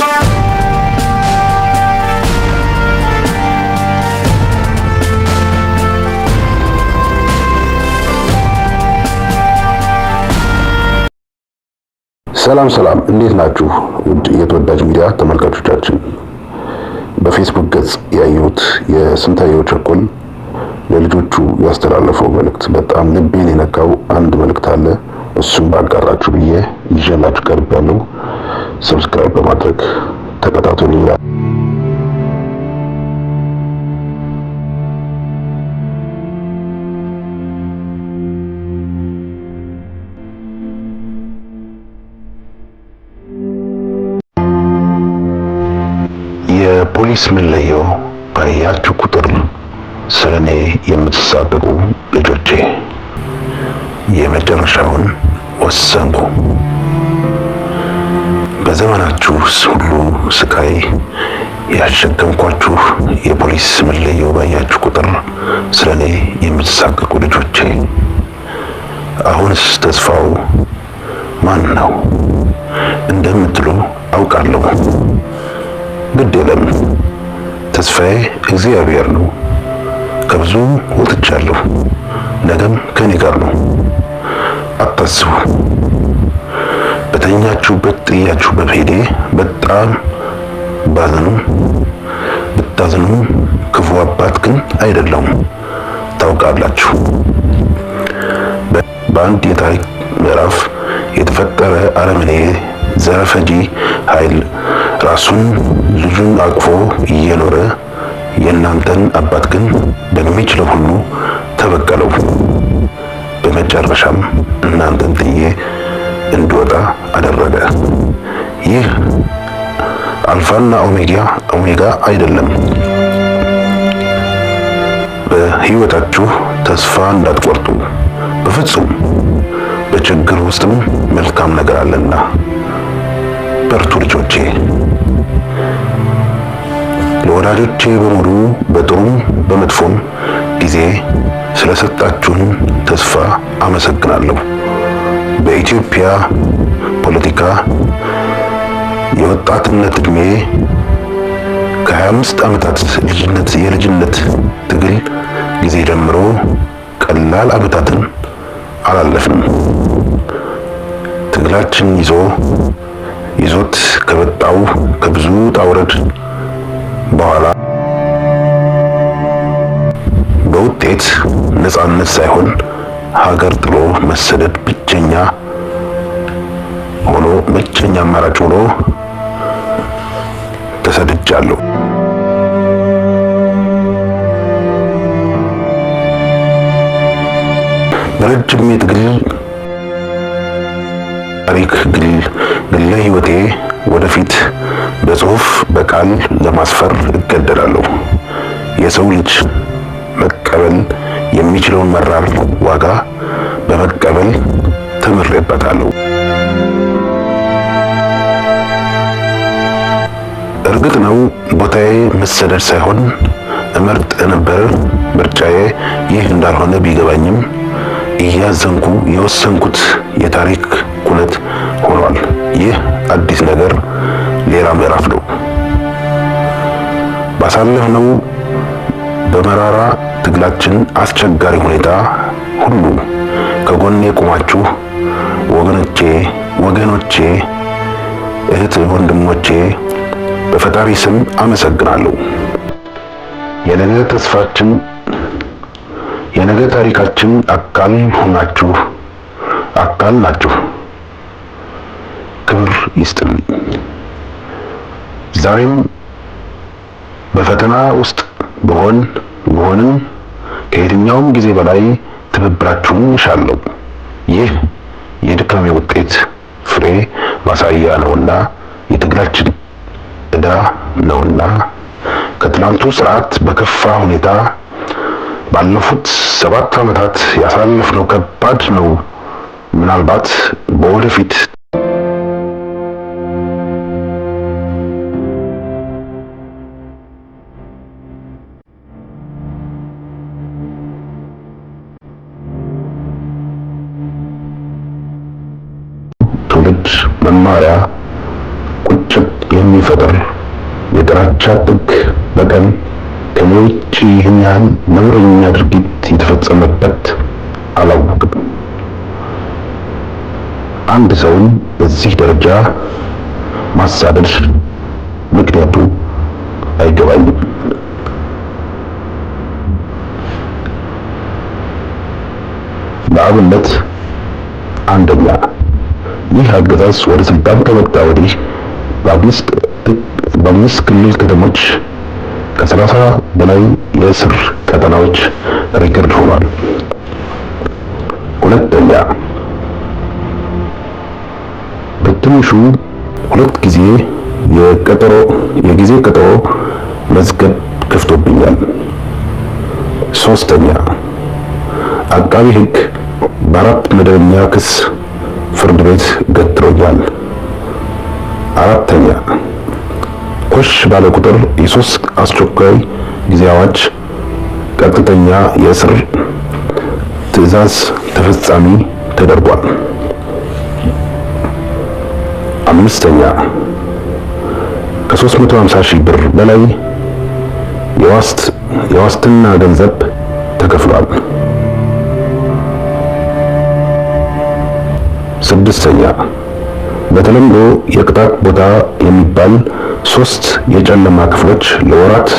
ሰላም ሰላም፣ እንዴት ናችሁ? ውድ የተወዳጅ ሚዲያ ተመልካቾቻችን በፌስቡክ ገጽ ያየሁት የስንታየሁ ቸኮል ለልጆቹ ያስተላለፈው መልእክት በጣም ልቤን የነካው አንድ መልእክት አለ። እሱም ባጋራችሁ ብዬ ይዤላችሁ ቀርብ ያለው ሰብስክራይብ በማድረግ ተከታተሉ ይላል። የፖሊስ መለየው ባያችሁ ቁጥር ስለኔ የምትሳደቁ ልጆቼ የመጨረሻውን ወሰንኩ። በዘመናችሁ ሁሉ ስቃይ ያሸከምኳችሁ የፖሊስ መለያው ባያችሁ ቁጥር ስለ እኔ የምትሳቀቁ ልጆቼ፣ አሁንስ ተስፋው ማን ነው እንደምትሉ አውቃለሁ። ግድ የለም ተስፋዬ እግዚአብሔር ነው። ከብዙ ወጥቻለሁ፣ ነገም ከኔ ጋር ነው። አታስቡ። ባላችሁበት ጥያችሁ በሄዴ በጣም ባዝኑ ብታዝኑ ክፉ አባት ግን አይደለም ታውቃላችሁ። በአንድ የታሪክ ምዕራፍ የተፈጠረ አረመኔ ዘረፈጂ ኃይል ራሱን ልጁን አቅፎ እየኖረ የእናንተን አባት ግን በሚችለው ሁሉ ተበቀለው። በመጨረሻም እናንተን ጥዬ እንድወጣ አደረገ። ይህ አልፋና ኦሜጋ ኦሜጋ አይደለም። በህይወታችሁ ተስፋ እንዳትቆርጡ በፍጹም። በችግር ውስጥም መልካም ነገር አለና በርቱ ልጆቼ። ለወዳጆቼ በሙሉ በጥሩም በመጥፎም ጊዜ ስለሰጣችሁን ተስፋ አመሰግናለሁ። በኢትዮጵያ ፖለቲካ የወጣትነት እድሜ ከ25 ዓመታት ልጅነት የልጅነት ትግል ጊዜ ጀምሮ ቀላል ዓመታትን አላለፍንም። ትግላችን ይዞ ይዞት ከመጣው ከብዙ ጣውረድ በኋላ በውጤት ነፃነት ሳይሆን ሀገር ጥሎ መሰደድ ብቸኛ ሆኖ ብቸኛ አማራጭ ሆኖ ተሰድጃለሁ። በረጅም የትግል ታሪክ ግለ ህይወቴ ወደፊት በጽሁፍ በቃል ለማስፈር እገደላለሁ። የሰው ልጅ መቀበል የሚችለውን መራር ዋጋ በመቀበል ተምሬበታለሁ። እርግጥ ነው ቦታዬ መሰደድ ሳይሆን እመርጥ እንበር ምርጫዬ ይህ እንዳልሆነ ቢገባኝም እያዘንኩ የወሰንኩት የታሪክ ኩነት ሆኗል። ይህ አዲስ ነገር ሌላ ምዕራፍ ነው። ባሳለፍነው በመራራ ትግላችን አስቸጋሪ ሁኔታ ሁሉ ከጎኔ ቁማችሁ ወገኖቼ ወገኖቼ እህት ወንድሞቼ በፈጣሪ ስም አመሰግናለሁ። የነገ ተስፋችን የነገ ታሪካችን አካል ሆናችሁ አካል ናችሁ። ክብር ይስጥልኝ። ዛሬም በፈተና ውስጥ በሆን በሆንም ከየትኛውም ጊዜ በላይ ትብብራችሁን ሻለው። ይህ የድካሜ ውጤት ፍሬ ማሳያ ነውና የትግላችን ዕዳ ነውና ከትናንቱ ስርዓት በከፋ ሁኔታ ባለፉት ሰባት ዓመታት ያሳለፍነው ከባድ ነው። ምናልባት በወደፊት ትውልድ መማሪያ ቁጭት የሚፈጥር የጥላቻ ጥግ በቀን ከኔ ውጭ ይህን ያህል ነውረኛ ድርጊት የተፈጸመበት አላወቅም። አንድ ሰውን በዚህ ደረጃ ማሳደድ ምክንያቱ አይገባኝም። ለአብነት አንደኛ ይህ አገዛዝ ወደ ስልጣን ከመጣ ወዲህ በአምስት ክልል ከተሞች ከሰላሳ በላይ የእስር ቀጠናዎች ሪከርድ ሆኗል። ሁለተኛ በትንሹ ሁለት ጊዜ የቀጠሮ የጊዜ ቀጠሮ መዝገብ ከፍቶብኛል። ሶስተኛ አቃቢ ሕግ በአራት መደበኛ ክስ ፍርድ ቤት ገትሮኛል። አራተኛ ኮሽ ባለ ቁጥር የሶስት አስቸኳይ ጊዜ አዋጅ ቀጥተኛ የእስር ትዕዛዝ ተፈጻሚ ተደርጓል። አምስተኛ ከ350 ሺህ ብር በላይ የዋስትና ገንዘብ ተከፍሏል። ስድስተኛ በተለምዶ የቅጣት ቦታ የሚባል ሶስት የጨለማ ክፍሎች ለወራት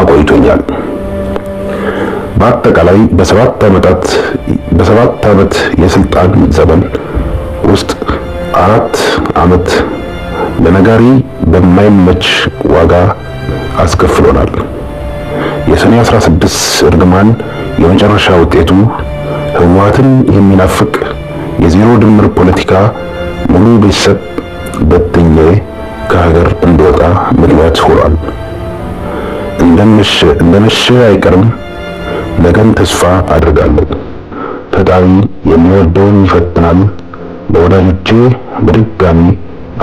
አቆይቶኛል። በአጠቃላይ በሰባት ዓመታት በሰባት ዓመት የስልጣን ዘመን ውስጥ አራት ዓመት ለነጋሪ በማይመች ዋጋ አስከፍሎናል። የሰኔ 16 እርግማን የመጨረሻ ውጤቱ ህወሓትን የሚናፍቅ የዜሮ ድምር ፖለቲካ ሙሉ ቤተሰብ በትኜ ከሀገር እንደወጣ ምክንያት ሆኗል። እንደመሸ እንደመሸ አይቀርም። ነገን ተስፋ አድርጋለሁ። ፈጣሪ የሚወደውን ይፈትናል። ለወዳጆቼ በድጋሚ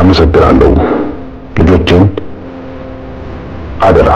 አመሰግናለሁ። ልጆቼን አደራ